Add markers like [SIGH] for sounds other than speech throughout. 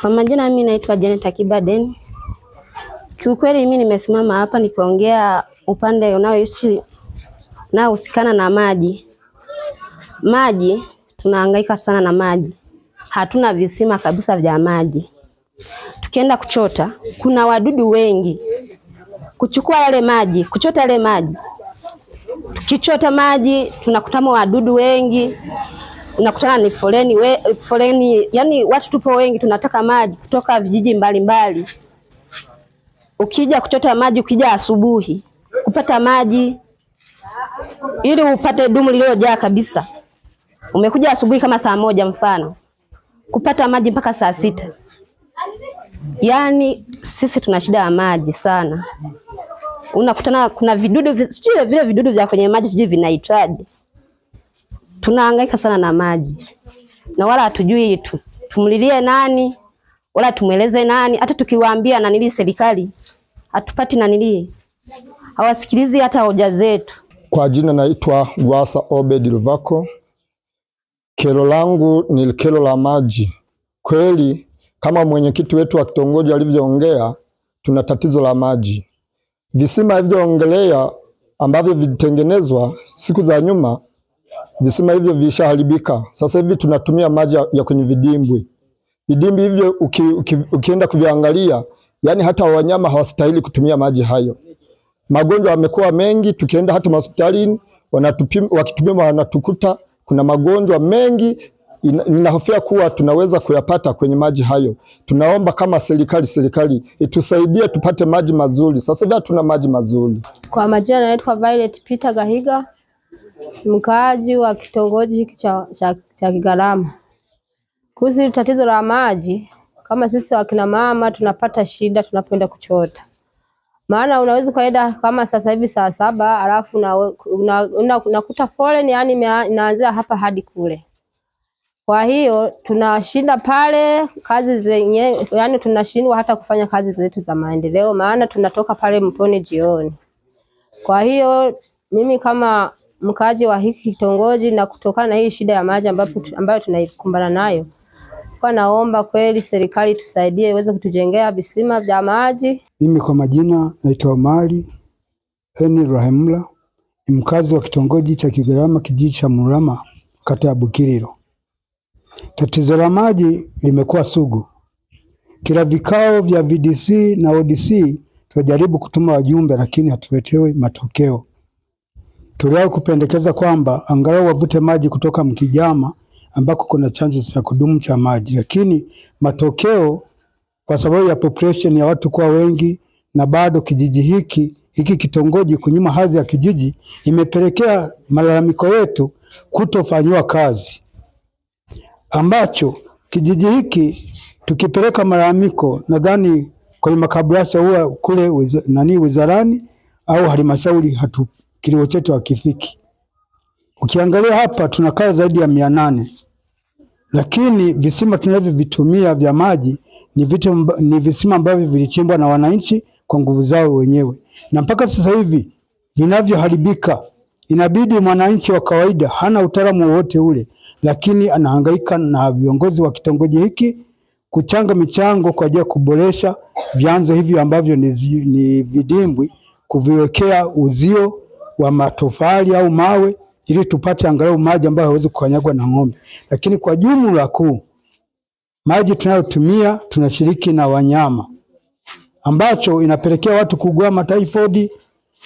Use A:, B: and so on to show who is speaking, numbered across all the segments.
A: Kwa majina mimi naitwa Janet Akiba Kiukweli mimi nimesimama hapa nikiongea upande unaoishi unaohusikana na maji. Maji tunahangaika sana na maji, hatuna visima kabisa vya maji. Tukienda kuchota kuna wadudu wengi, kuchukua yale maji, kuchota yale maji, tukichota maji tunakutama wadudu wengi unakutana ni foleni we, foleni yani, watu tupo wengi, tunataka maji kutoka vijiji mbalimbali mbali. Ukija kuchota maji, ukija asubuhi kupata maji ili upate dumu lililojaa kabisa, umekuja asubuhi kama saa moja mfano, kupata maji mpaka saa sita. Yani sisi tuna shida ya maji sana, unakutana kuna vidudu sijui vile vidudu vya kwenye maji sijui vinaitwaje tunahangaika sana na maji na wala hatujui tu tumlilie nani wala tumweleze nani. Hata tukiwaambia nanili serikali hatupati nanili, hawasikilizi hata hoja zetu.
B: Kwa jina naitwa Lwasa Obed Luvako. Kero langu ni kero la maji. Kweli kama mwenyekiti wetu wa kitongoji alivyoongea, tuna tatizo la maji. Visima alivyoongelea ambavyo vilitengenezwa siku za nyuma visima hivyo vishaharibika. Sasa hivi tunatumia maji ya kwenye vidimbwi. Vidimbwi hivyo uki, uki, ukienda kuviangalia, yani hata wanyama hawastahili kutumia maji hayo. Magonjwa yamekuwa mengi, tukienda hata hospitalini wakitumia wanatukuta kuna magonjwa mengi. Ninahofia kuwa tunaweza kuyapata kwenye maji hayo. Tunaomba kama serikali, serikali itusaidie tupate maji mazuri. Sasa hivi hatuna maji mazuri.
A: Kwa majina naitwa Violet Peter Gahiga mkaaji wa kitongoji hiki cha, cha, cha Kigarama. Kuhusu tatizo la maji, kama sisi wakina mama tunapata shida tunapoenda kuchota, maana unaweza kaenda kama sasa hivi saa saba alafu unakuta una, una, una foleni yani inaanzia hapa hadi kule. Kwa hiyo tunashinda pale kazi zenye, yani tunashindwa hata kufanya kazi zetu za maendeleo, maana tunatoka pale mponi jioni. Kwa hiyo mimi kama mkaaji wa hiki kitongoji, na kutokana na hii shida ya maji ambayo tunaikumbana nayo, kwa naomba kweli serikali tusaidie iweze kutujengea visima vya maji.
B: Mimi kwa majina naitwa Mali Eni Rahimla, ni mkazi wa kitongoji cha Kigarama, kijiji cha Murama, kata ya Bukiriro. Tatizo la maji limekuwa sugu. Kila vikao vya VDC na ODC tunajaribu kutuma wajumbe, lakini hatuletewi matokeo. Tuliwahi kupendekeza kwamba angalau wavute maji kutoka Mkijama ambako kuna chanzo cha kudumu cha maji, lakini matokeo kwa sababu ya population ya watu kuwa wengi na bado kijiji hiki hiki kitongoji kunyima hadhi ya kijiji imepelekea malalamiko yetu kutofanyiwa kazi, ambacho kijiji hiki tukipeleka malalamiko nadhani kwenye makabrasha huwa kule wiz, nani wizarani au halmashauri hatu kilimo chetu hakifiki. Ukiangalia hapa tunakaa zaidi ya mia nane, lakini visima tunavyovitumia vya maji ni, vitu, ni visima ambavyo vilichimbwa na wananchi kwa nguvu zao wenyewe, na mpaka sasa hivi vinavyoharibika, inabidi mwananchi wa kawaida hana utaalamu wowote ule, lakini anahangaika na viongozi wa kitongoji hiki kuchanga michango kwa ajili ya kuboresha vyanzo hivi ambavyo ni, ni vidimbwi, kuviwekea uzio wa matofali au mawe, ili tupate angalau maji ambayo hawezi kukanyagwa na ng'ombe. Lakini kwa jumla kuu, maji tunayotumia tunashiriki na wanyama, ambacho inapelekea watu kuugua mataifodi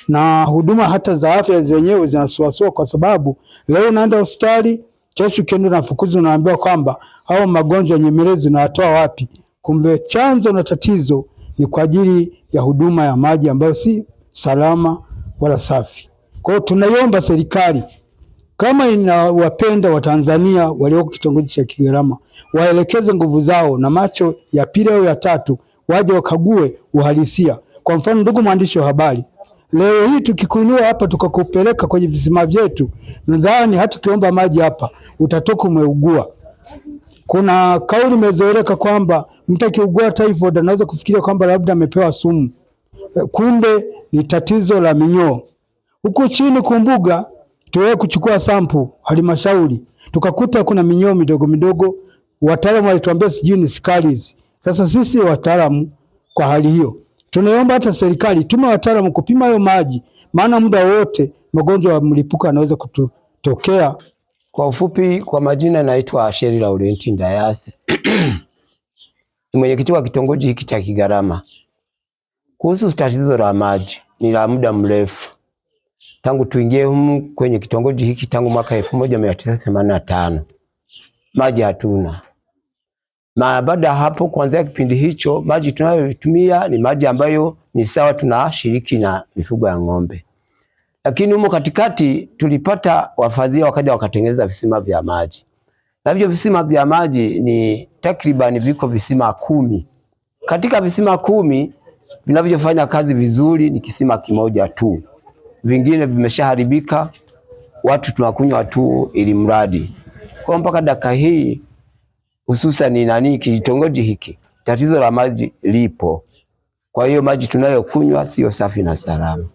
B: na huduma hata za afya zenyewe zinasuasua, kwa sababu leo unaenda hospitali, kesho ukienda unafukuzwa, unaambiwa kwamba au magonjwa nyemelezi unayatoa wapi? Kumbe chanzo na tatizo ni kwa ajili ya huduma ya maji ambayo si salama wala safi. Kwa hiyo tunaiomba serikali kama inawapenda Watanzania walioko kitongoji cha Kigarama waelekeze nguvu zao na macho ya pili au ya tatu, waje wakague uhalisia. Kwa mfano, ndugu mwandishi wa habari, leo hii tukikunua hapa tukakupeleka kwenye visima vyetu, nadhani hata ukiomba maji hapa utatoka umeugua. Kuna kauli imezoeleka kwamba mtu akiugua typhoid anaweza kufikiria kwamba labda amepewa sumu, kumbe ni tatizo la minyoo. Huku chini Kumbuga tuliwahi kuchukua sampu halmashauri, tukakuta kuna minyoo midogo midogo, wataalamu walituambia sijui ni scaries. Sasa sisi wataalamu kwa hali hiyo tunaomba hata serikali tume wataalamu kupima hayo maji, maana muda wote magonjwa ya mlipuko yanaweza kutokea.
C: Kwa ufupi, kwa majina naitwa Sheri Laurenti Ndayase [CLEARS THROAT] ni mwenyekiti wa kitongoji hiki cha Kigarama. Kuhusu tatizo la maji ni la muda mrefu tangu tuingie humu kwenye kitongoji hiki tangu mwaka elfu moja mia tisa themanini na tano maji hatuna. Na baada ya hapo, kuanzia kipindi hicho maji tunayotumia ni maji ambayo ni sawa, tunashiriki na mifugo ya ng'ombe. Lakini humo katikati tulipata wafadhili wakaja wakatengeneza visima vya maji, na hivyo visima vya maji ni takriban viko visima kumi. Katika visima kumi vinavyofanya kazi vizuri ni kisima kimoja tu vingine vimeshaharibika, watu tunakunywa tu ili mradi. Kwa mpaka dakika hii hususan nani, kitongoji hiki tatizo la maji lipo. Kwa hiyo maji tunayokunywa sio safi na salama.